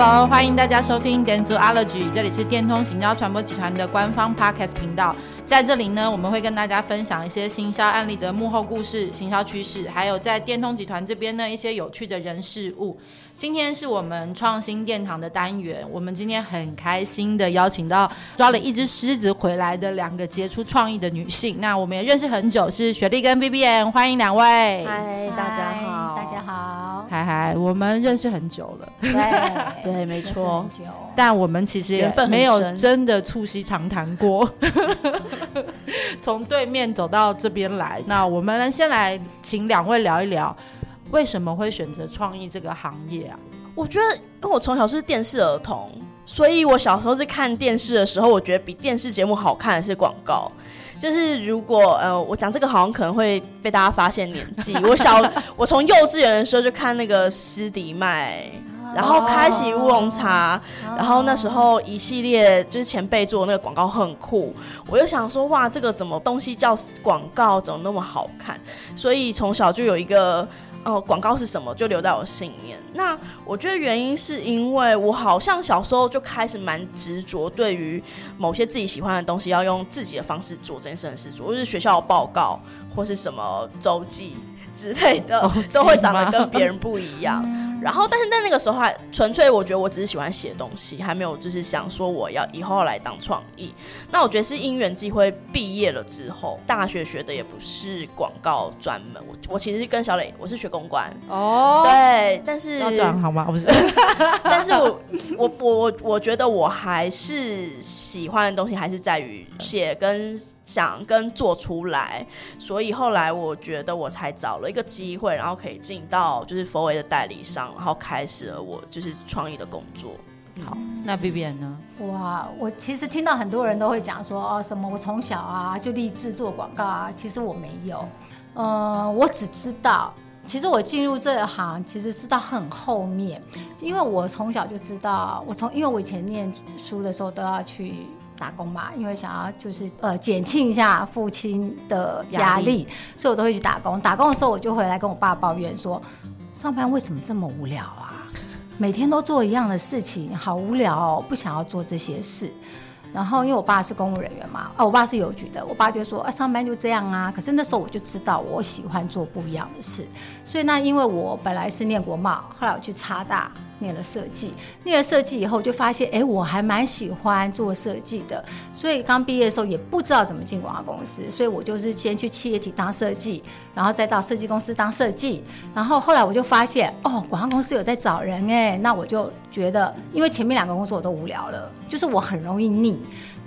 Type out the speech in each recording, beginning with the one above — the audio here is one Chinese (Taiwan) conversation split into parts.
Hello，歡迎大家收聽《Dentsuology》，這裡是電通行銷傳播集團的官方 Podcast 頻道。在這裡呢，我們會跟大家分享一些行銷案例的幕後故事、行銷趨勢，還有在電通集團這邊呢，一些有趣的人事物。今天是我們創新電堂的單元，我們今天很開心的邀請到抓了一隻獅子回來的兩個傑出創意的女性。那我們也認識很久，是雪莉跟 Vivien，歡迎兩位。嗨，大家好，Hi, 大家好。嗨嗨，我們認識很久了，對， 對，沒錯，但我們其實也沒有真的促膝長談過。 從對面走到這邊來，那我們先來請兩位聊一聊，為什麼會選擇創意這個行業啊？我覺得，因為我從小是電視兒童，所以我小時候在看電視的時候，我覺得比電視節目好看的是廣告。就是如果呃，我講這個好像可能會被大家發現年紀。我小， 我從幼稚園的時候就看那個司迪麥，然後開喜烏龍茶，oh. Oh. 然後那時候一系列就是前輩做的那個廣告很酷，我就想說哇，這個怎麼東西叫廣告，怎麼那麼好看？所以從小就有一個。哦、呃，廣告是什麼？就留在我心裡面。那我覺得原因是因為我好像小時候就開始蠻執着，對於某些自己喜歡的東西，要用自己的方式做這件事的事做，或是學校的報告，或是什麼週記之類的，都會長得跟別人不一樣。 然後，但是，在那個時候還純粹，我覺得我只是喜歡寫東西，還沒有就是想說我要以後要來當創意。那我覺得是因緣際會，畢業了之後，大學學的也不是廣告專門，我我其實是跟小磊，我是學公關哦。對，但是這樣好嗎？不是， 但是我我我我，我覺得我還是喜歡的東西還是在於寫跟想跟做出來，所以後來我覺得我才找了一個機會，然後可以進到就是 4A 的代理商。然後開始了我就是創意的工作。好，嗯、那 Vivien 呢？哇，我其實聽到很多人都會講說哦，什麼我從小啊就立志做廣告啊。其實我沒有，嗯，我只知道，其實我進入這個行其實是到很後面，因為我從小就知道，我從因為我以前念書的時候都要去打工嘛，因為想要就是呃減輕一下父親的壓力，壓力，所以我都會去打工。打工的時候我就回來跟我爸抱怨說，上班為什麼這麼無聊啊？每天都做一樣的事情，好無聊哦，不想要做這些事。然後因為我爸是公務人員嘛，啊，我爸是郵局的，我爸就說啊，上班就這樣啊。可是那時候我就知道我喜歡做不一樣的事，所以那因為我本來是念國貿，後來我去插大。念了設計，念了設計以後就發現，哎，我還蠻喜歡做設計的。所以剛畢業的時候也不知道怎麼進廣告公司，所以我就是先去企業體當設計，然後再到設計公司當設計。然後後來我就發現，哦，廣告公司有在找人欸，那我就覺得，因為前面兩個工作我都無聊了，就是我很容易膩。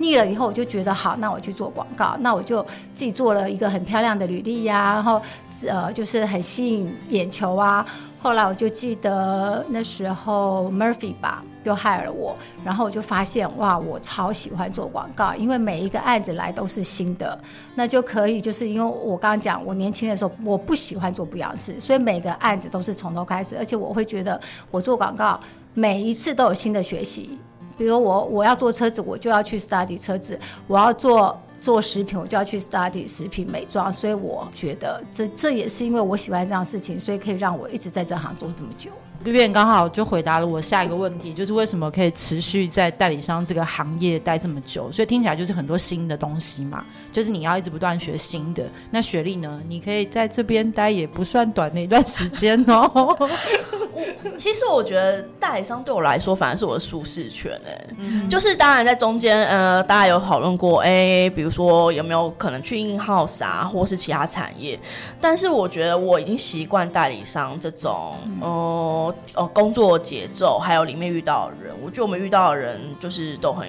膩了以後，我就覺得好，那我去做廣告。那我就自己做了一個很漂亮的履歷呀，然後呃，就是很吸引眼球啊。後來我就記得那時候 Murphy 吧，就 hire 了我。然後我就發現哇，我超喜歡做廣告，因為每一個案子來都是新的，那就可以，就是因為我剛剛講，我年輕的時候我不喜歡做不要事，所以每個案子都是從頭開始，而且我會覺得我做廣告每一次都有新的學習。比如說我我要做車子，我就要去 study 車子，我要做。做食品，我就要去 study 食品美妝，所以我覺得這這也是因為我喜歡這樣的事情，所以可以讓我一直在這行做這麼久。這邊剛好就回答了我下一個問題，就是為什麼可以持續在代理商這個行業待這麼久？所以聽起來就是很多新的東西嘛，就是你要一直不斷學新的。那雪莉呢？你可以在這邊待也不算短的一段時間哦。 其實我覺得代理商對我來說反而是我的舒適圈哎、欸嗯嗯，就是當然在中間呃，大家有討論過哎，比如說有沒有可能去 in-house 啥，或是其他產業？但是我覺得我已經習慣代理商這種哦。嗯呃哦、呃，工作節奏還有裡面遇到的人，我覺得我們遇到的人就是都很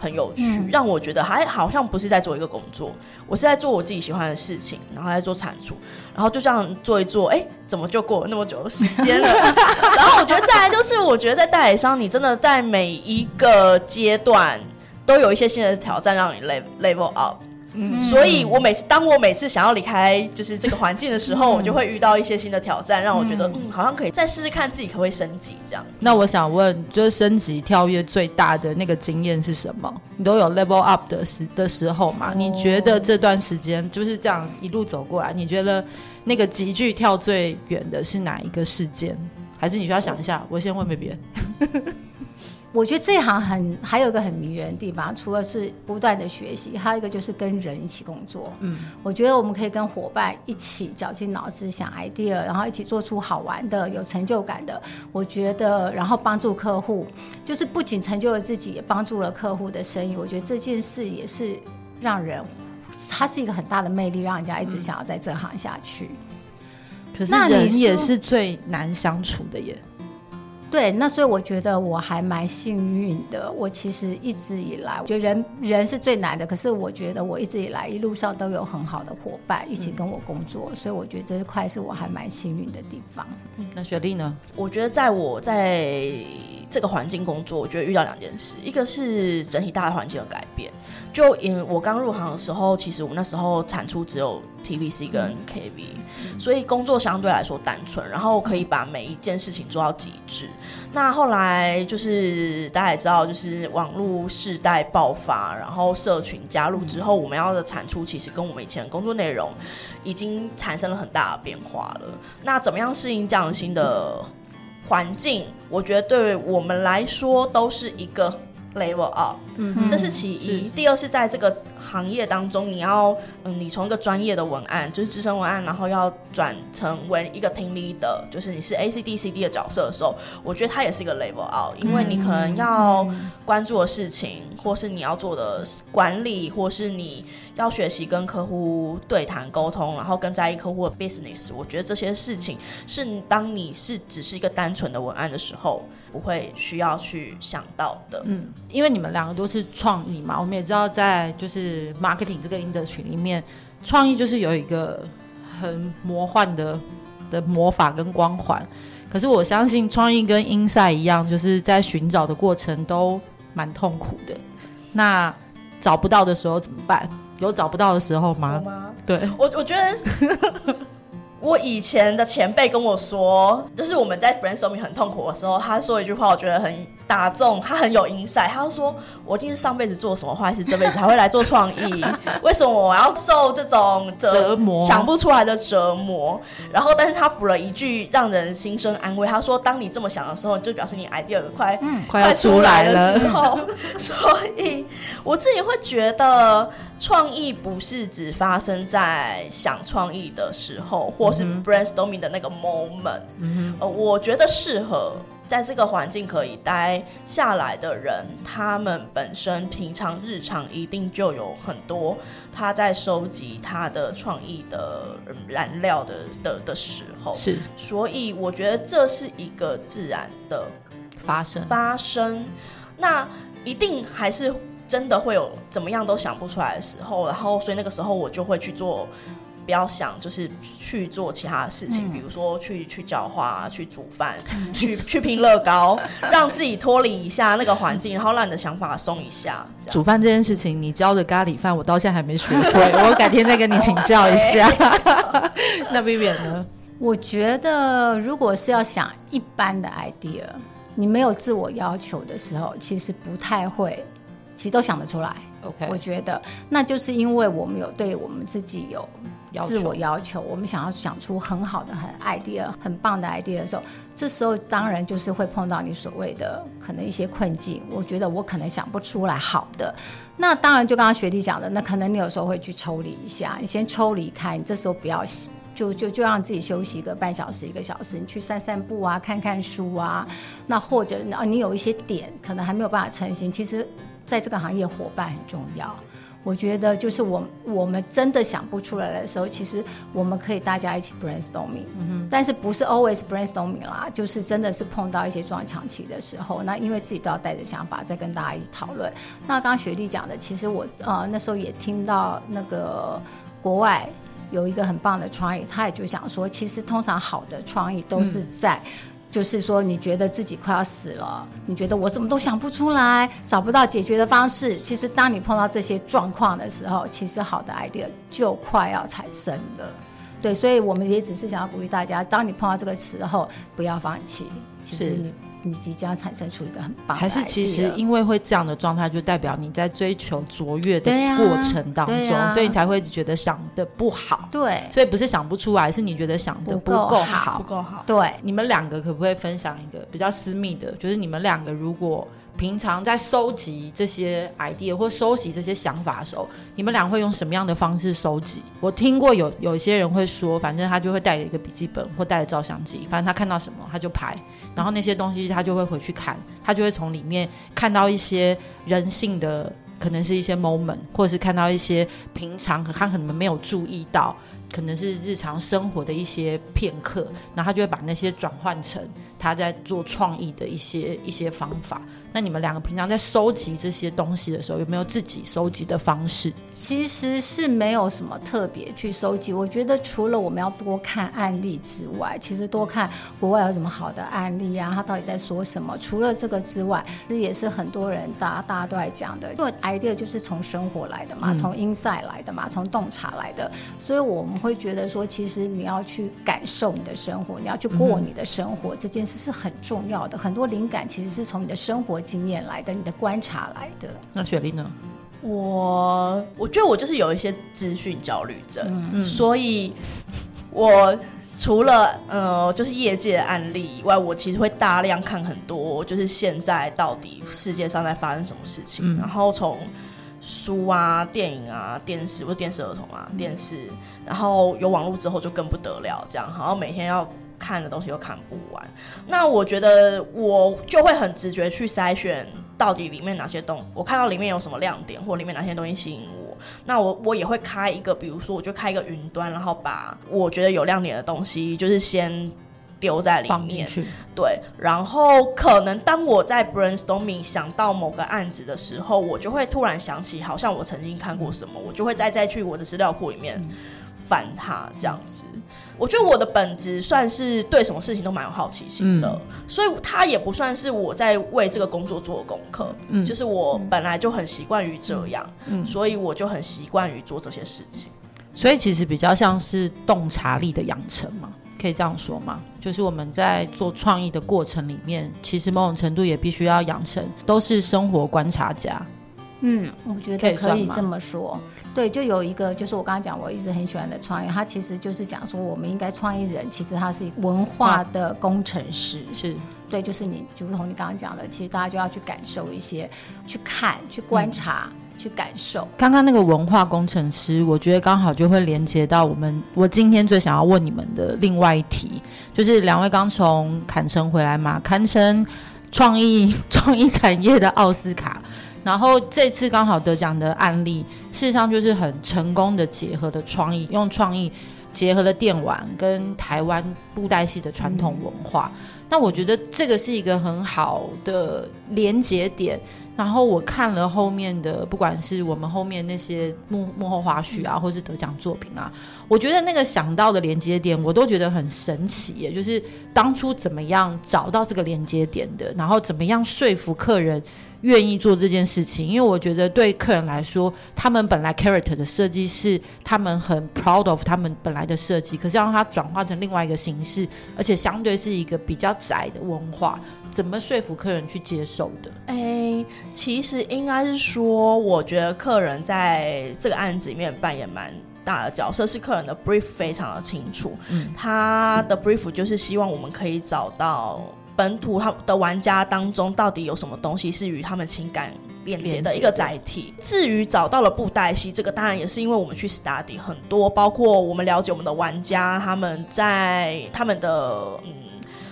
很有趣，嗯，讓我覺得還好像不是在做一個工作，我是在做我自己喜歡的事情，然後在做產出，然後就這樣做一做，哎，怎麼就過了那麼久的時間了？ 然後我覺得再來就是，我覺得在代理商，你真的在每一個階段都有一些新的挑戰，讓你 level level up。嗯，所以，我每次、嗯、當我每次想要離開，就是這個環境的時候、嗯，我就會遇到一些新的挑戰，嗯、讓我覺得，嗯，好像可以再試試看自己可不可以升級這樣。那我想問，就是升級跳躍最大的那個經驗是什麼？你都有 level up 的時的時候嘛、哦？你覺得這段時間就是這樣一路走過來，你覺得那個級距跳最遠的是哪一個事件？還是你需要想一下？嗯、我先問問別人。 我覺得這一行很，還有一個很迷人的地方，除了是不斷的學習，還有一個就是跟人一起工作。嗯，我覺得我們可以跟伙伴一起絞盡腦汁想 idea，然後一起做出好玩的、有成就感的。我覺得，然後幫助客戶，就是不僅成就了自己，也幫助了客戶的生意。我覺得這件事也是讓人，它是一個很大的魅力，讓人家一直想要在這行下去。可是人那，人也是最難相處的耶。對，那所以我覺得我還蠻幸運的。我其實一直以來，我覺得人人是最難的，可是我覺得我一直以來一路上都有很好的夥伴一起跟我工作，嗯。所以我覺得這一塊是我還蠻幸運的地方。嗯。那雪莉呢？我覺得在我在。這個環境工作，我覺得遇到兩件事，一個是整體大的環境的改變。就因我剛入行的時候，其實我那時候產出只有 TVC 跟 KV，嗯，所以工作相對來說單純，然後可以把每一件事情做到極致。那後來就是大家也知道，就是網絡世代爆發，然後社群加入之後，我們要的產出其實跟我們以前的工作內容已經產生了很大的變化了。那怎麼樣適應這樣的新的？環境，我覺得對我們來說都是一個。Level up 嗯，這是其一是。第二是在這個行業當中，你要嗯，你從一個專業的文案，就是資深文案，然後要轉成為一個 team leader，就是你是 A C D C D 的角色的時候，我覺得它也是一個 Level up，因為你可能要關注的事情，嗯、或是你要做的管理，嗯、或是你要學習跟客戶對談溝通，然後更在意客戶的 business。我覺得這些事情是當你是只是一個單純的文案的時候。不會需要去想到的，嗯，因為你們兩個都是創意嘛，我們也知道在就是 marketing 這個 industry 裡面，創意就是有一個很魔幻的的魔法跟光環。可是我相信創意跟 insight 一樣，就是在尋找的過程都蠻痛苦的。那找不到的時候怎麼辦？有找不到的時候嗎？嗎？對我，我覺得。 我以前的前輩跟我說，就是我們在 brainstorming 很痛苦的時候，他說一句話，我覺得很打中，他很有 Insight，他就說：“我一定是上輩子做什麼壞事，這輩子還會來做創意？ 為什麼我要受這種折、折磨？想不出來的折磨？”然後，但是他補了一句讓人心生安慰，他說：“當你這麼想的時候，就表示你 idea 快、嗯、快要出來了。快出來了。 所以，我自己會覺得。創意不是只發生在想創意的時候，或是 brainstorming 的那個 moment。嗯、呃，我覺得適合在這個環境可以待下來的人，他們本身平常日常一定就有很多他在收集他的創意的燃料的的的時候。是，所以我覺得這是一個自然的發生。發生，嗯、那一定還是。真的會有怎麼樣都想不出來的時候，然後所以那個時候我就會去做，嗯、不要想，就是去做其他事情、嗯，比如說去去澆花、啊、去煮飯、嗯、去去拼樂高， 讓自己脫離一下那個環境， 然後讓你的想法鬆一下。煮飯這件事情，你教的咖喱飯，我到現在還沒學會， 我改天再跟你請教一下。Oh, okay. 那 Vivien 呢？我覺得如果是要想一般的 idea，你沒有自我要求的時候，其實不太會。其實都想得出來，OK？我覺得那就是因為我們有對我們自己有自我要求，要求我們想要想出很好的、很 idea、很棒的 idea 的時候，這時候當然就是會碰到你所謂的可能一些困境。我覺得我可能想不出來好的，那當然就剛剛學弟講的，那可能你有時候會去抽離一下，你先抽離開，你這時候不要就就就讓自己休息一個半小時、一個小時，你去散散步啊，看看書啊，那或者你有一些點可能還沒有辦法成型，其實。在這個行業，夥伴很重要。我覺得，就是我們我們真的想不出來的時候，其實我們可以大家一起 brainstorming。嗯哼，但是不是 always brainstorming 啦？就是真的是碰到一些撞牆期的時候，那因為自己都要帶着想法再跟大家一起討論。那剛剛雪莉講的，其實我啊、呃、那時候也聽到那個國外有一個很棒的創意，他也就想說，其實通常好的創意都是在。嗯就是說，你覺得自己快要死了，你覺得我什麼都想不出來，找不到解決的方式。其實，當你碰到這些狀況的時候，其實好的 idea 就快要產生了。對，所以我們也只是想要鼓勵大家，當你碰到這個時候，不要放棄。其實你。你即將產生出一個很棒的，還是其實因為會這樣的狀態，就代表你在追求卓越的過程當中，對啊，對啊，所以你才會覺得想的不好。對，所以不是想不出來，是你覺得想的不夠好，不夠好。夠好對，你們兩個可不可以分享一個比較私密的，就是你們兩個如果平常在收集這些 idea 或收集這些想法的時候，你們倆會用什麼樣的方式收集？我聽過有有一些人會說，反正他就會帶着一個筆記本或帶着照相機，反正他看到什麼他就拍，然後那些東西他就會回去看，他就會從裡面看到一些人性的，可能是一些 moment，或者是看到一些平常可他可能沒有注意到，可能是日常生活的一些片刻，然後他就會把那些轉換成。他在做創意的一些一些方法。那你們兩個平常在收集這些東西的時候，有沒有自己收集的方式？其實是沒有什麼特別去收集。我覺得除了我們要多看案例之外，其實多看國外有什麼好的案例啊，他到底在說什麼？除了這個之外，這也是很多人大大家都愛講的。因為 idea 就是從生活來的嘛，嗯、從 insight 來的嘛，從洞察來的。所以我們會覺得說，其實你要去感受你的生活，你要去過你的生活，嗯、這件。這是很重要的，很多靈感其實是從你的生活經驗來的，你的觀察來的。那雪莉呢？我我覺得我就是有一些資訊焦慮症、嗯，所以、嗯、我除了呃就是業界的案例以外，我其實會大量看很多，就是現在到底世界上在發生什麼事情。嗯、然後從書啊、電影啊、電視，不是電視兒童啊、電視，嗯、然後有網絡之後就更不得了，這樣，然後每天要。看的東西又看不完，那我覺得我就會很直覺去篩選到底裡面哪些東西，我看到裡面有什麼亮點，或者裡面哪些東西吸引我，那我我也會開一個，比如說我就開一個雲端，然後把我覺得有亮點的東西，就是先丟在裡面去。對，然後可能當我在 brainstorming 想到某個案子的時候，我就會突然想起好像我曾經看過什麼，我就會再再去我的資料庫裡面翻它，這樣子。我覺得我的本質算是對什麼事情都蠻有好奇心的，嗯、所以他也不算是我在為這個工作做功課，嗯，就是我本來就很習慣於這樣，嗯，所以我就很習慣於做這些事情。所以其實比較像是洞察力的養成嘛，可以這樣說嘛，就是我們在做創意的過程裡面，其實某種程度也必須要養成，都是生活觀察家。嗯，我覺得可以這麼說。對，就有一個，就是我剛剛講，我一直很喜歡的創意，他其實就是講說，我們應該創意人其實他是一個文化的工程師。是、嗯，對，就是你，就如同你剛剛講的，其實大家就要去感受一些，去看，去觀察、嗯，去感受。剛剛那個文化工程師，我覺得剛好就會連接到我們，我今天最想要問你們的另外一題，就是兩位剛從坎城回來嘛，坎城創意創意產業的奧斯卡。然後這次剛好得獎的案例，事實上就是很成功的結合的創意，用創意結合了電玩跟台灣布袋戲的傳統文化。嗯。那我覺得這個是一個很好的連接點。然後我看了後面的，不管是我們後面那些幕幕後花絮啊，或是得獎作品啊，我覺得那個想到的連接點，我都覺得很神奇耶。就是當初怎麼樣找到這個連接點的，然後怎麼樣說服客人。願意做這件事情，因為我覺得對客人來說，他們本來 character 的設計是他們很 proud of 他們本來的設計，可是要讓它轉化成另外一個形式，而且相對是一個比較窄的文化，怎麼說服客人去接受的？誒、欸，其實應該是說，我覺得客人在這個案子裡面扮演蠻大的角色，是客人的 brief 非常的清楚，嗯，他的 brief 就是希望我們可以找到。本土他的玩家當中，到底有什麼東西是與他們情感連接的一個載體？至於找到了布袋戲，這個當然也是因為我們去 study 很多，包括我們了解我們的玩家，他們在他們的嗯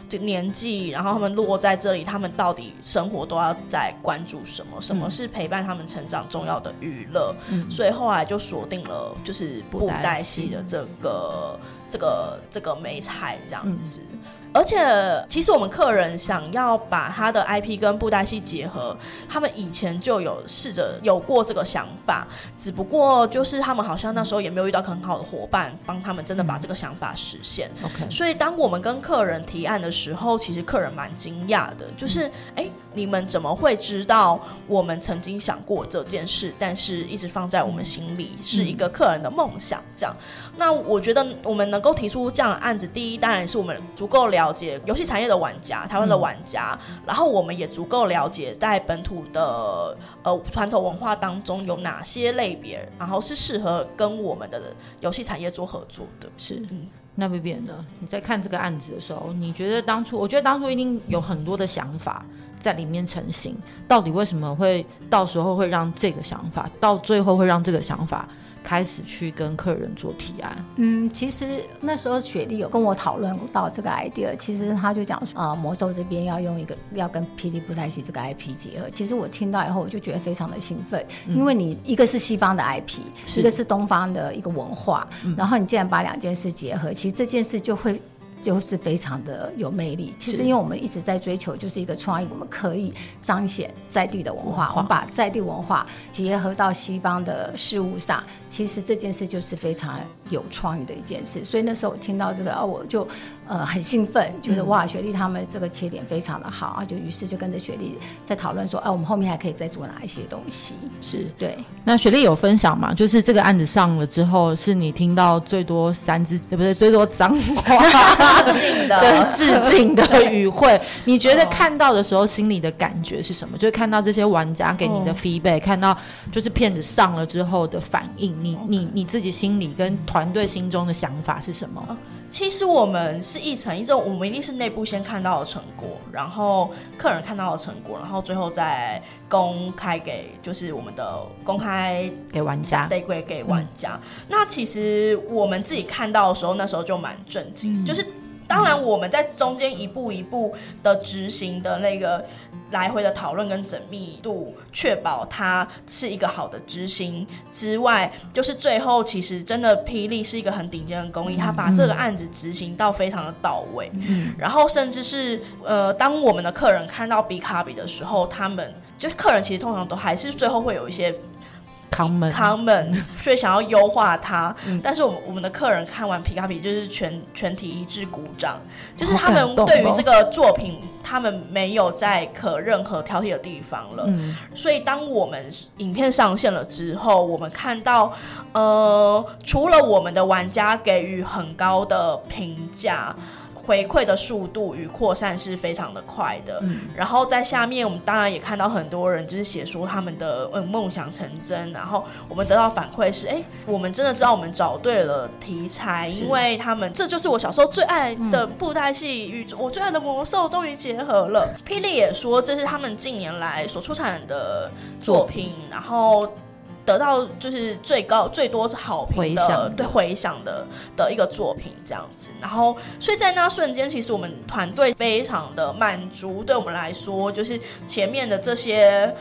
這個年紀，然後他們落在這裡，他們到底生活都要在關注什麼？什麼是陪伴他們成長重要的娛樂？所以後來就鎖定了就是布袋戲的這個這個這個媒材這樣子。而且，其實我們客人想要把他的 IP 跟布袋戲結合，他們以前就有試着有過這個想法，只不過就是他們好像那時候也沒有遇到很好的夥伴，幫他們真的把這個想法實現。OK，所以當我們跟客人提案的時候，其實客人蠻驚訝的，就是哎，誒你們怎麼會知道我們曾經想過這件事？但是一直放在我們心裡，嗯、是一個客人的夢想。這樣、嗯，那我覺得我們能夠提出這樣的案子，第一當然是我們足夠了解遊戲產業的玩家，台灣的玩家，嗯、然後我們也足夠了解在本土的呃傳統文化當中有哪些類別，然後是適合跟我們的遊戲產業做合作的。是，嗯、那 Vivien 呢？你在看這個案子的時候，你覺得當初？我覺得當初一定有很多的想法。在裡面成型，到底為什麼會到時候會讓這個想法，到最後會讓這個想法開始去跟客人做提案？嗯，其實那時候雪莉有跟我討論到這個 idea，其實他就講說啊、呃，魔獸這邊要用一個要跟霹靂布袋戲這個 IP 結合。其實我聽到以後我就覺得非常的興奮，因為你一個是西方的 IP，一個是東方的一個文化，嗯、然後你既然把兩件事結合，其實這件事就會。就是非常的有魅力。其實，因為我們一直在追求，就是一個創意，我們可以彰顯在地的文化、文化，我們把在地文化結合到西方的事物上。其實這件事就是非常有創意的一件事。所以那時候我聽到這個，啊，我就呃很興奮，嗯、覺得哇，雪莉他們這個切點非常的好啊。就於是就跟着雪莉在討論說，啊，我們後面還可以再做哪一些東西？是對。那雪莉有分享嗎？就是這個案子上了之後，是你聽到最多三字對不對？最多髒話。 致 敬的， 對，致敬的語彙，你覺得看到的時候心裡的感覺是什麼？Oh. 就是看到這些玩家給你的 feedback，看到就是片子上了之後的反應，你你、okay. 你自己心裡跟團隊心中的想法是什麼？Okay. 其實我們是一層一種。我們一定是內部先看到的成果，然後客人看到的成果，然後最後再公開給就是我們的公開給玩家。對，給給玩家，嗯。那其實我們自己看到的時候，那時候就蠻震驚，嗯，就是。當然，我們在中間一步一步的執行的那個來回的討論跟縝密度，確保它是一個好的執行之外，就是最後其實真的霹靂是一個很頂尖的工藝，他把這個案子執行到非常的到位。嗯嗯然後甚至是呃，當我們的客人看到比卡比的時候，他們就是客人其實通常都還是最後會有一些。common common，所以想要優化它、嗯。但是我們我們的客人看完皮卡皮就是全全體一致鼓掌，就是他們對於這個作品，他們沒有在可任何挑剔的地方了、嗯。所以當我們影片上線了之後，我們看到，呃，除了我們的玩家給予很高的評價。回饋的速度與擴散是非常的快的，嗯，然後在下面我們當然也看到很多人就是寫說他們的嗯夢想成真，然後我們得到反饋是，誒，我們真的知道我們找對了題材，因為他們這就是我小時候最愛的布袋戲與我最愛的魔獸終於結合了。嗯，霹靂也說這是他們近年來所出產的作品，嗯，然後。得到就是最高最多好評的，回想的，對，回響的的一個作品，這樣子。然後，所以在那瞬間，其實我們團隊非常的滿足。對我們來說，就是前面的這些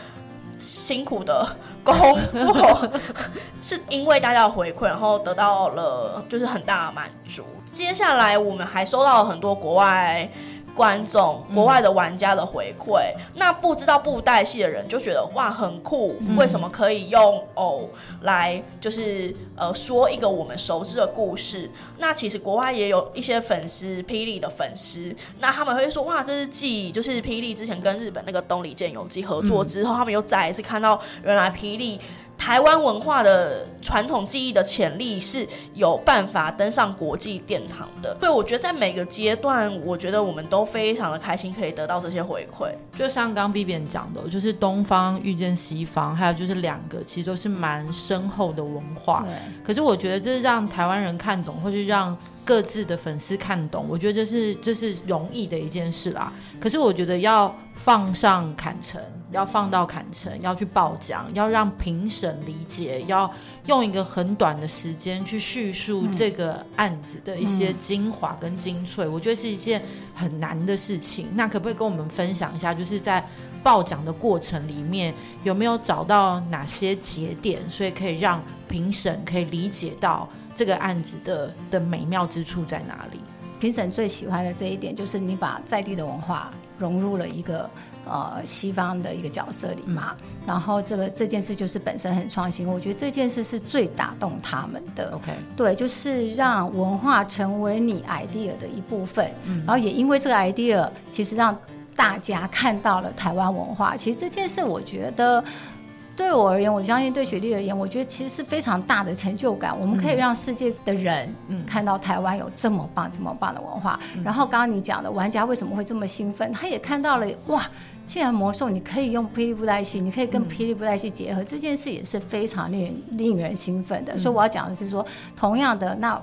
辛苦的工作， 是因為大家的回饋，然後得到了就是很大的滿足。接下來，我們還收到了很多國外。觀眾、國外的玩家的回饋，嗯、那不知道布袋戲的人就覺得哇很酷，嗯，為什麼可以用偶來就是呃說一個我們熟知的故事？那其實國外也有一些粉絲，霹靂的粉絲，那他們會說哇，這是技，就是霹靂之前跟日本那個東離劍遊紀合作之後，嗯、他們又再一次看到原來霹靂。台灣文化的傳統技藝的潛力是有辦法登上國際殿堂的，對我覺得在每個階段，我覺得我們都非常的開心可以得到這些回饋。就像剛剛 B B 講的，就是東方遇見西方，還有就是兩個其實都是蠻深厚的文化。可是我覺得這是讓台灣人看懂，或是讓。各自的粉絲看懂，我覺得這是這是容易的一件事啦。可是我覺得要放上坎城，要放到坎城，要去報獎，要讓評審理解，要用一個很短的時間去敘述這個案子的一些精華跟精粹，嗯，我覺得是一件很難的事情。嗯。那可不可以跟我們分享一下，就是在報獎的過程裡面有沒有找到哪些節點，所以可以讓評審可以理解到？這個案子的的美妙之處在哪裡？評審最喜歡的這一點就是你把在地的文化融入了一個呃西方的一個角色裡嘛，嗯、然後這個這件事就是本身很創新，我覺得這件事是最打動他們的。OK，對，就是讓文化成為你 idea 的一部分，嗯、然後也因為這個 idea，其實讓大家看到了台灣文化。其實這件事，我覺得。對我而言，我相信對雪莉而言，我覺得其實是非常大的成就感。我們可以讓世界的人看到台灣有這麼棒、這麼棒的文化、嗯。然後剛剛你講的玩家為什麼會這麼興奮？他也看到了哇，既然魔獸你可以用霹靂布袋戲，你可以跟霹靂布袋戲結合，嗯、這件事也是非常令人令人興奮的。所以我要講的是說，同樣的那，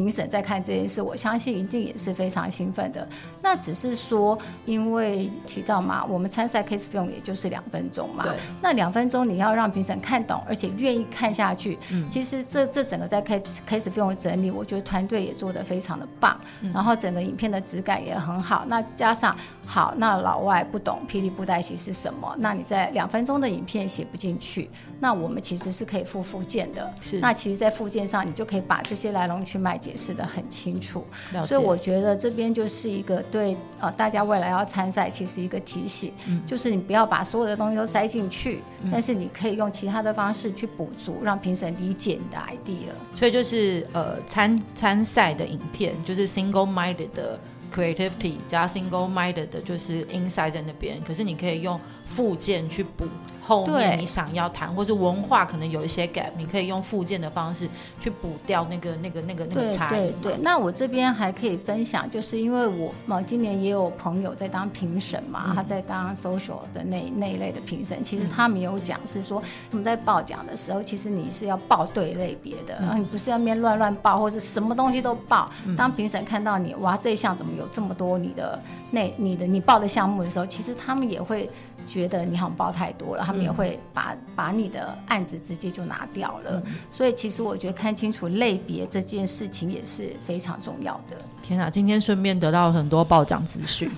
評審在看這件事，我相信一定也是非常興奮的。那只是說，因為提到嘛，我們參賽 case film 也就是兩分鐘嘛。對。那兩分鐘你要讓評審看懂，而且願意看下去。嗯、其實這這整個在 case case film 整理，我覺得團隊也做得非常的棒。嗯、然後整個影片的質感也很好。那加上好，那老外不懂霹靂布袋戲是什麼，那你在兩分鐘的影片寫不進去。那我們其實是可以附附件的，是那其實，在附件上你就可以把這些來龍去脈解釋得很清楚。所以我覺得這邊就是一個對呃大家未來要參賽其實一個提醒、嗯，就是你不要把所有的東西都塞進去、嗯，但是你可以用其他的方式去補足，讓評審理解你的 idea。所以就是呃參參賽的影片就是 single minded 的 creativity 加 single minded 的就是 insight 在那邊，可是你可以用。附件去補後面你想要談，或是文化可能有一些 gap。你可以用附件的方式去補掉那個那個那個那個差異。對，對對，那我這邊還可以分享，就是因為我嘛，我今年也有朋友在當評審嘛、嗯，他在當 social 的那那一類的評審。其實他沒有講是說，我們在報獎的時候，其實你是要報對類別的、嗯，然後你不是在那邊亂亂報，或者什麼東西都報。嗯、當評審看到你哇，這一項怎麼有這麼多你的那你的，你，的你報的項目的時候，其實他們也會。覺得你好像報太多了，他們也會把、嗯、把你的案子直接就拿掉了。嗯。所以其實我覺得看清楚類別這件事情也是非常重要的。天哪，今天順便得到了很多報獎資訊。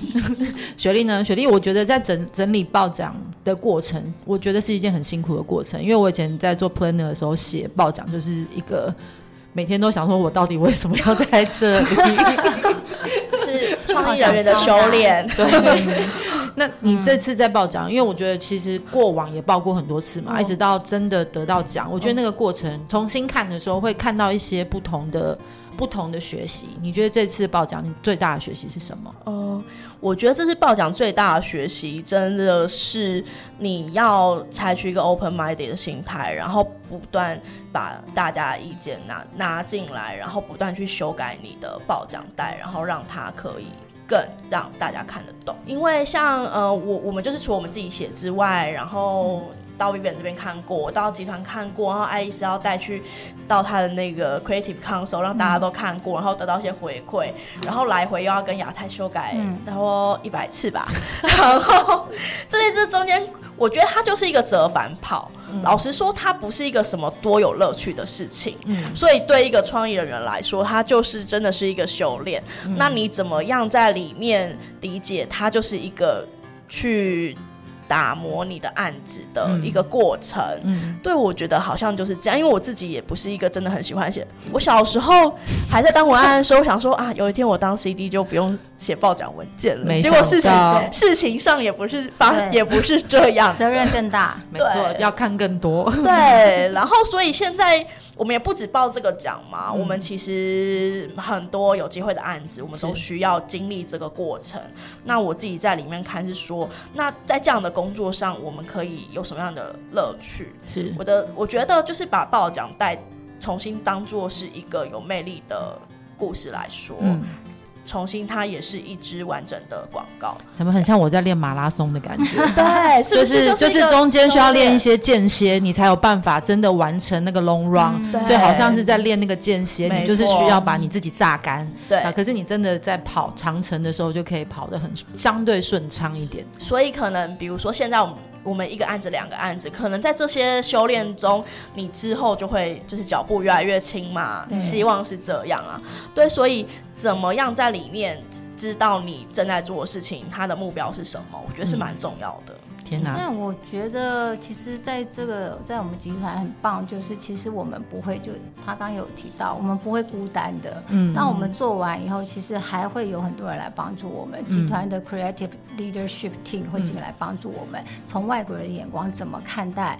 雪 莉 呢？雪莉，我覺得在整整理報獎的過程，我覺得是一件很辛苦的過程。因為我以前在做 planner 的時候寫報獎，就是一個每天都想說，我到底為什麼要在這裡？ 是創意人員的修煉。對。 那你這次在報獎、嗯，因為我覺得其實過往也報過很多次嘛，嗯、一直到真的得到獎、嗯，我覺得那個過程重新看的時候，會看到一些不同的、不同的學習。你覺得這次報獎你最大的學習是什麼？哦、呃，我覺得這次報獎最大的學習，真的是你要採取一個 open minded 的心態，然後不斷把大家的意見拿拿進來，然後不斷去修改你的報獎帶，然後讓它可以。更讓大家看得懂，因為像呃，我我們就是除了我們自己寫之外，然後到 Vivien 這邊看過，到集團看過，然後愛麗絲要帶去到她的那個 Creative Council，讓大家都看過，然後得到一些回饋，嗯、然後來回又要跟亞太修改，嗯、然後一百次吧， 然後這些是中間。我覺得它就是一個折返跑。嗯、老實說，它不是一個什麼多有樂趣的事情。嗯、所以，對一個創意的人來說，它就是真的是一個修煉、嗯。那你怎麼樣在裡面理解它，就是一個去。打磨你的案子的一個過程，嗯嗯、對，我覺得好像就是這樣，因為我自己也不是一個真的很喜歡寫。我小時候還在當文案的時候， 我想說啊，有一天我當 CD 就不用寫報獎文件了。結果事情事情上也不是，發也不是這樣，責任更大，沒錯，要看更多。對，然後所以現在。我們也不止報這個獎嘛，嗯，我們其實很多有機會的案子，我們都需要經歷這個過程。那我自己在裡面看是說，那在這樣的工作上，我們可以有什麼樣的樂趣？是，我的我覺得就是把報獎帶重新當做是一個有魅力的故事來說。嗯重新，它也是一支完整的廣告，怎麼很像我在練馬拉松的感覺？ 對，就是，是，是，就，是就是中間需要練一些間歇，嗯，你才有辦法真的完成那個 long run，所以好像是在練那個間歇，嗯，你就是需要把你自己榨乾。對、嗯、啊，可是你真的在跑長程的時候，就可以跑得很、嗯、相對順暢一點。所以可能比如說現在我們。我們一個案子，兩個案子，可能在這些修煉中，你之後就會就是腳步越來越輕嘛，嗯、希望是這樣啊。對，所以怎麼樣在裡面知道你正在做的事情，它的目標是什麼？我覺得是蠻重要的。嗯啊、但我覺得，其實在這個在我們集團很棒，就是其實我們不會就他剛有提到，我們不會孤單的。嗯，當我們做完以後，其實還會有很多人來幫助我們。嗯、集團的 creative leadership team 會進來幫助我們，從、嗯、外國人的眼光怎麼看待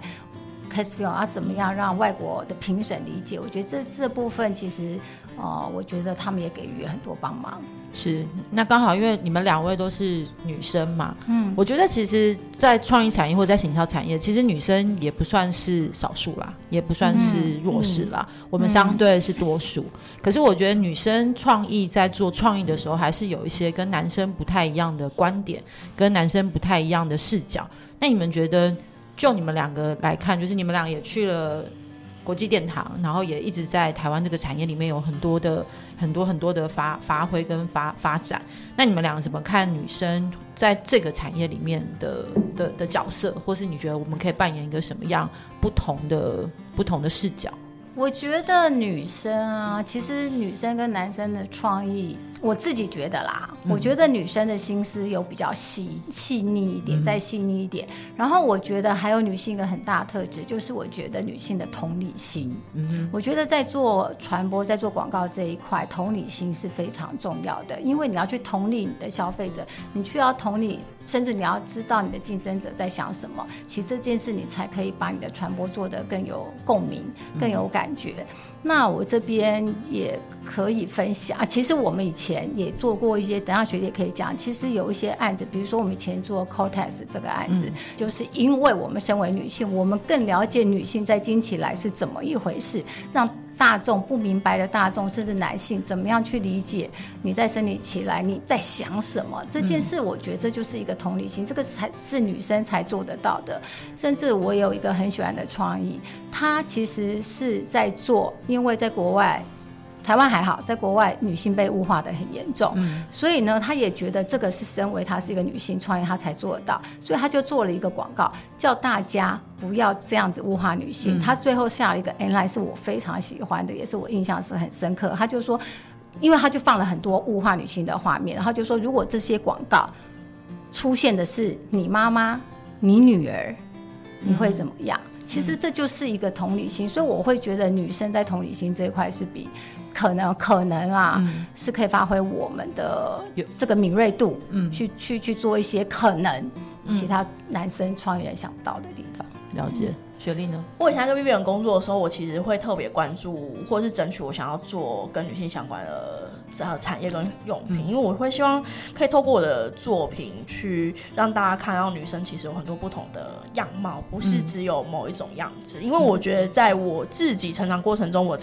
c a s u a 要怎麼樣讓外國的評審理解？我覺得這這部分其實。哦，我覺得他們也給予很多幫忙。是，那剛好因為你們兩位都是女生嘛，嗯，我覺得其實，在創意產業或者在行銷產業，其實女生也不算是少數啦，也不算是弱勢啦，嗯、我們相對是多數、嗯。可是我覺得女生創意在做創意的時候，還是有一些跟男生不太一樣的觀點，跟男生不太一樣的視角。那你們覺得，就你們兩個來看，就是你們倆也去了。國際殿堂，然後也一直在台灣這個產業裡面有很多的、很多很多的發發揮跟發發展。那你們倆怎麼看女生在這個產業裡面的的的角色，或是你覺得我們可以扮演一個什麼樣不同的不同的視角？我覺得女生啊，其實女生跟男生的創意。我自己覺得啦、嗯，我覺得女生的心思有比較細、細膩一點，再細膩一點。嗯、然後我覺得還有女性一個很大的特質，就是我覺得女性的同理心。嗯、嗯，我覺得在做傳播、在做廣告這一塊，同理心是非常重要的，因為你要去同理你的消費者，嗯、你去要同理，甚至你要知道你的競爭者在想什麼，其實這件事你才可以把你的傳播做得更有共鳴、更有感覺。嗯那我這邊也可以分享，其實我們以前也做過一些，等下學姐可以講。其實有一些案子，比如說我們以前做 Cotex 這個案子、嗯，就是因為我們身為女性，我們更了解女性在經期來是怎麼一回事，讓。大眾不明白的大眾，甚至男性，怎麼樣去理解你在生理期來你在想什麼這件事？我覺得這就是一個同理心、嗯，這個才是女生才做得到的。甚至我有一個很喜歡的創意，她其實是在做，因為在國外。台灣還好，在國外女性被物化得很嚴重、嗯，所以呢，她也覺得這個是身為她是一個女性創業，她才做得到，所以她就做了一個廣告，叫大家不要這樣子物化女性。她、嗯、最後下了一個 endline 是我非常喜歡的，也是我印象是很深刻。她就說，因為她就放了很多物化女性的畫面，然後就說，如果這些廣告出現的是你媽媽、你女兒，你會怎麼樣、嗯？其實這就是一個同理心，所以我會覺得女生在同理心這一塊是比。可能可能啊，嗯，是可以發揮我們的這個敏銳度，嗯，去去去做一些可能其他男生創意、嗯、人想不到的地方。了解，雪、嗯、莉呢？我以前在跟 Vivien 工作的時候，我其實會特別關注，或是爭取我想要做跟女性相關的啊產業跟用品，因為我會希望可以透過我的作品去讓大家看到女生其實有很多不同的樣貌，不是只有某一種樣子。嗯、因為我覺得在我自己成長過程中，我。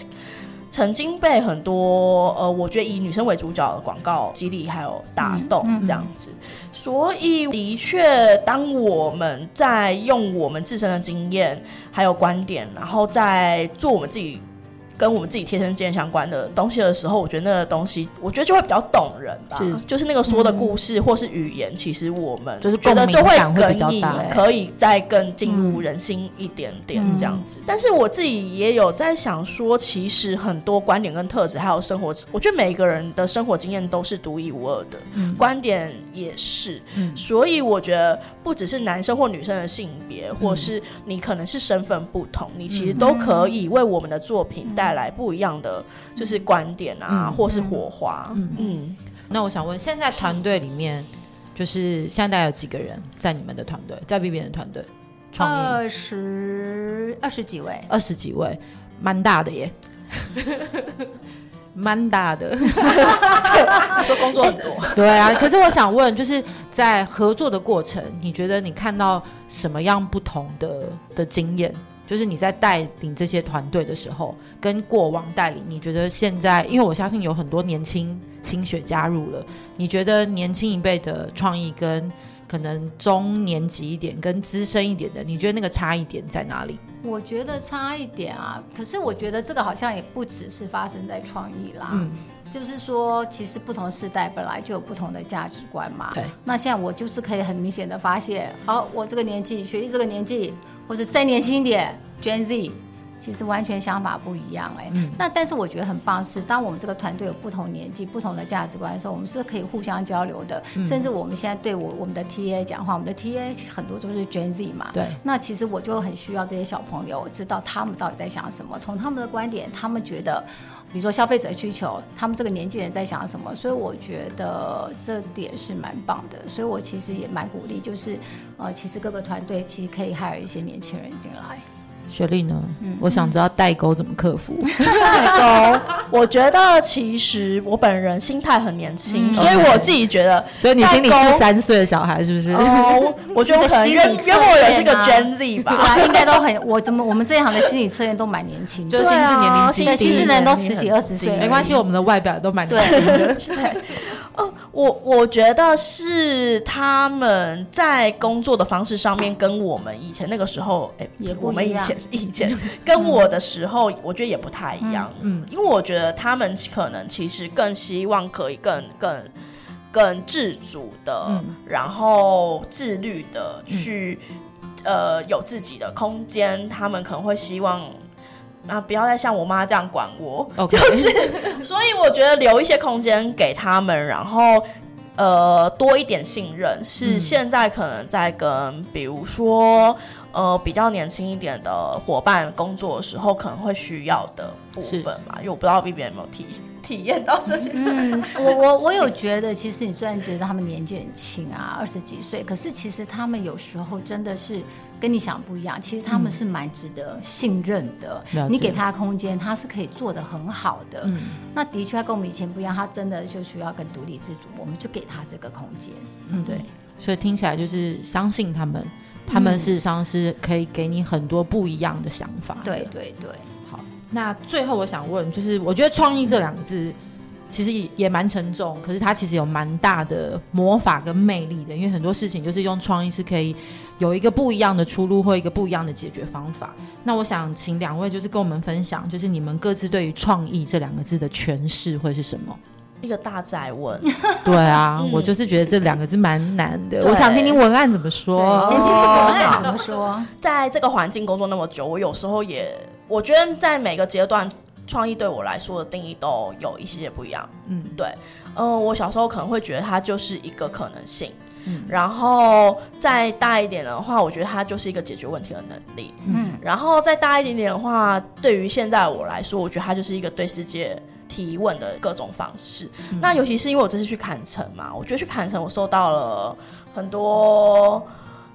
曾經被很多呃，我覺得以女生為主角的廣告激勵還有打動這樣子，嗯嗯、所以的確，當我們在用我們自身的經驗還有觀點，然後在做我們自己。跟我們自己貼身經驗相關的東西的時候，我覺得那個東西，我覺得就會比較動人吧。是，就是那個說的故事或是語言，嗯、其實我們就是覺得就會更、就是、共鳴感會比較大、欸，可以再更進入人心一點點這樣子、嗯嗯。但是我自己也有在想說，其實很多觀點跟特質，還有生活，我覺得每一個人的生活經驗都是獨一無二的、嗯，觀點也是。嗯、所以我覺得，不只是男生或女生的性別，或是你可能是身份不同、嗯，你其實都可以為我們的作品帶。嗯帶來不一樣的就是觀點啊，嗯、或是火花嗯嗯。嗯，那我想問，現在團隊裡面，就是現在有幾個人在你們的團隊，在 BBN 的團隊？創意二十二十幾位，二十幾位，蠻大的耶，蠻 大的。 說工作很多， 對啊。可是我想問，就是在合作的過程，你覺得你看到什麼樣不同的的經驗？就是你在帶領這些團隊的時候，跟過往帶領，你覺得現在，因為我相信有很多年輕新血加入了，你覺得年輕一輩的創意跟可能中年紀一點、跟資深一點的，你覺得那個差異點在哪裡？我覺得差異點啊，可是我覺得這個好像也不只是發生在創意啦，嗯，就是說其實不同世代本來就有不同的價值觀嘛，對、okay.。那現在我就是可以很明顯的發現，好，我這個年紀，學藝這個年紀。或者再年輕一點，Gen Z。其實完全想法不一樣哎、欸嗯，那但是我覺得很棒是，當我們這個團隊有不同年紀、不同的價值觀的時候，我們是可以互相交流的。嗯、甚至我們現在對我我們的 T A 講話，我們的 T A 很多都是 Gen Z 嘛，對。那其實我就很需要這些小朋友知道他們到底在想什麼，從他們的觀點，他們覺得，比如說消費者需求，他們這個年紀人在想什麼。所以我覺得這點是蠻棒的，所以我其實也蠻鼓勵，就是呃，其實各個團隊其實可以 hire 一些年輕人進來。雪莉呢，嗯，我想知道代溝怎麼克服代。代溝，我覺得其實我本人心態很年輕，嗯，所以我自己覺得，okay. 所以你心裡就三歲的小孩是不是？哦，我覺得我很，啊。因為我也是個 Gen Z 吧，啊，應該都很。我怎麼？我們這一行的心理測驗都蠻年輕，就心智年齡輕，啊，對，心智年齡都十幾二十歲，沒關係，我們的外表都蠻年輕的。對。 對哦，我我覺得是他們在工作的方式上面跟我們以前那個時候，哎、欸，也不一樣，我們以前以前跟我的時候，我覺得也不太一樣。嗯，因為我覺得他們可能其實更希望可以更更更自主的、嗯，然後自律的去、嗯、呃有自己的空間，他們可能會希望。啊！不要再像我媽這樣管我，Okay. 就是。所以我覺得留一些空間給他們，然後呃多一點信任，是現在可能在跟、嗯、比如說呃比較年輕一點的夥伴工作的時候可能會需要的部分嘛。因為我不知道 Vivien 有沒有提醒。體驗到這些，嗯，我我我有覺得，其實你雖然覺得他們年紀很輕啊，二十幾歲，可是其實他們有時候真的是跟你想不一樣。其實他們是蠻值得信任的，嗯、了解了。你給他的空間，他是可以做得很好的。嗯、那的確，他跟我們以前不一樣，他真的就需要更獨立自主，我們就給他這個空間。嗯，對。所以聽起來就是相信他們，他們事實上是可以給你很多不一樣的想法的、嗯。對對對。那最後我想問，就是我覺得“創意”這兩個字，其實也蠻沉重，可是它其實有蠻大的魔法跟魅力的，因為很多事情就是用創意是可以有一個不一樣的出路或一個不一樣的解決方法。那我想請兩位就是跟我們分享，就是你們各自對於“創意”這兩個字的詮釋會是什麼？一個大哉問。對啊，嗯，我就是覺得這兩個字蠻難的。嗯，我聽聽。我想聽聽文案怎麼說。對，先聽聽文案怎麼說，聽聽怎麼說。在這個環境工作那麼久，我有時候也。我覺得在每個階段，創意對我來說的定義都有一些不一樣。嗯，對，嗯、呃，我小時候可能會覺得它就是一個可能性，嗯，然後再大一點的話，我覺得它就是一個解決問題的能力，嗯，然後再大一點點的話，對於現在我來說，我覺得它就是一個對世界提問的各種方式。嗯、那尤其是因為我這次去坎城嘛，我覺得去坎城我受到了很多。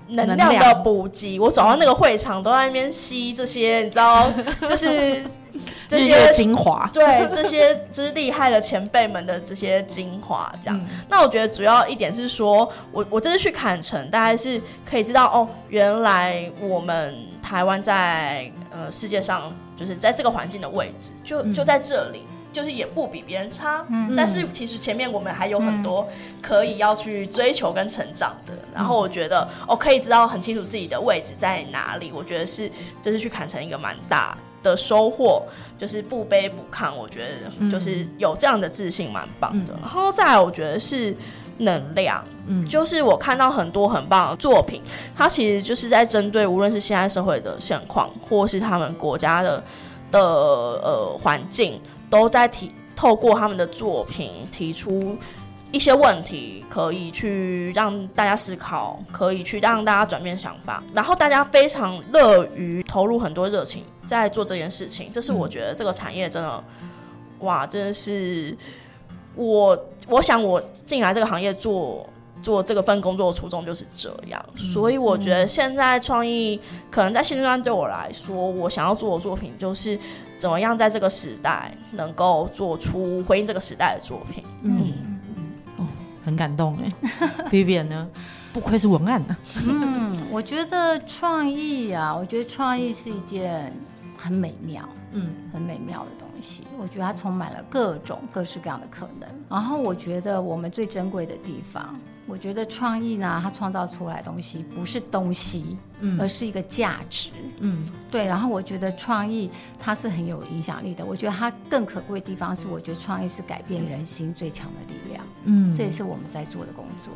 能量的補給，我走到那個會場都在那邊吸這些，你知道，就是 這些月月精華，對，這些就是厲害的前輩們的這些精華，這樣、嗯。那我覺得主要一點是說，我我這次去坎城，大概是可以知道哦，原來我們台灣在呃世界上就是在這個環境的位置，就就在這裡。嗯就是也不比別人差，嗯,但是其實前面我們還有很多可以要去追求跟成長的。嗯，然後我覺得，我、嗯哦，可以知道很清楚自己的位置在哪裡。我覺得是這次、嗯就是、去坎城一個蠻大的收穫，就是不卑不亢。我覺得就是有這樣的自信，蠻棒的，嗯。然後再來，我覺得是能量，嗯，就是我看到很多很棒的作品，嗯、它其實就是在針對無論是現在社會的現況，或是他們國家的的呃環境。都在提，透過他們的作品提出一些問題，可以去讓大家思考，可以去讓大家轉變想法。然後大家非常樂於投入很多熱情在做這件事情，這，就是我覺得這個產業真的，嗯、哇，真的是我，我想我進來這個行業做做這個份工作的初衷就是這樣。嗯、所以我覺得現在創意、嗯、可能在現階段對我來說，我想要做的作品就是。怎麼樣在這個時代能夠做出回應這個時代的作品？嗯，嗯哦，很感動哎。Vivien Vivien 呢？不愧是文案啊。 嗯，我覺得創意啊，我覺得創意是一件。很美妙，嗯，很美妙的東西。嗯，我覺得它充滿了各種各式各樣的可能。然後我覺得我們最珍貴的地方，我覺得創意呢，它創造出來的東西不是東西，嗯，而是一個價值，嗯，對。然後我覺得創意它是很有影響力的。我覺得它更可貴的地方是，我覺得創意是改變人心最強的力量，嗯，這也是我們在做的工作。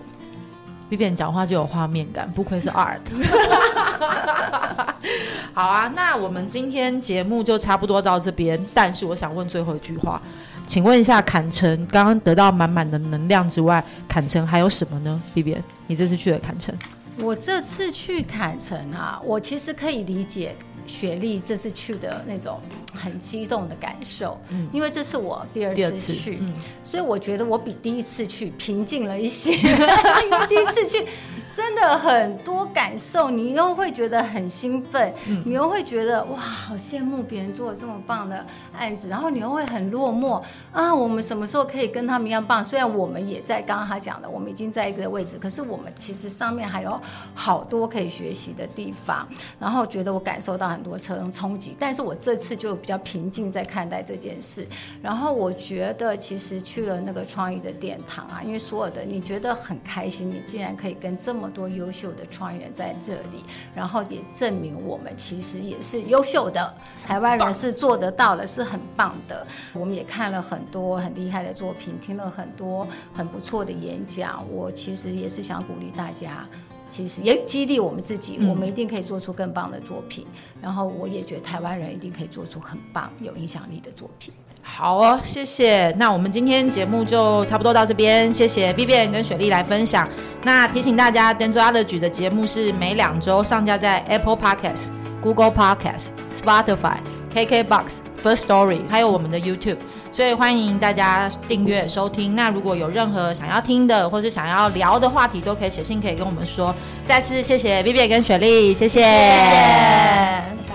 B B 講話就有畫面感，不愧是 ART。 好啊，那我們今天節目就差不多到這邊。但是我想問最後一句話，請問一下坎城，剛剛得到滿滿的能量之外，坎城還有什麼呢？B B，你這次去了坎城，我這次去坎城啊，我其實可以理解。雪莉這次去的那種很激動的感受，嗯、因為這是我第二次去，第二次，嗯，所以我覺得我比第一次去平靜了一些。 因為第一次去。真的很多感受，你又會覺得很興奮，嗯、你又會覺得哇，好羨慕別人做這麼棒的案子，然後你又會很落寞啊。我們什麼時候可以跟他們一樣棒？雖然我們也在剛剛他講的，我們已經在一個位置，可是我們其實上面還有好多可以學習的地方。然後覺得我感受到很多車種衝擊，但是我這次就比較平靜在看待這件事。然後我覺得其實去了那個創意的殿堂啊，因為所有的你覺得很開心，你竟然可以跟這麼這麼多優秀的創意人在這裡，然後也證明我們其實也是優秀的，台灣人是做得到的，是很棒的。我們也看了很多很厲害的作品，聽了很多很不錯的演講。我其實也是想鼓勵大家，其實也激勵我們自己，我們一定可以做出更棒的作品。然後我也覺得台灣人一定可以做出很棒、有影響力的作品。好哦，謝謝。那我們今天節目就差不多到這邊，謝謝 Vivien 跟雪莉來分享。那提醒大家，Dentsu Aegis 的節目是每兩週上架在 Apple Podcasts、Google Podcast、Spotify、KKBox、First Story，還有我們的 YouTube，所以歡迎大家訂閱收聽。那如果有任何想要聽的，或是想要聊的話題，都可以寫信可以跟我們說。再次謝謝 Vivien 跟雪莉，謝謝，拜拜拜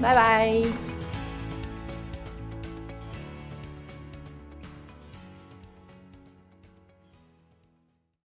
拜。拜拜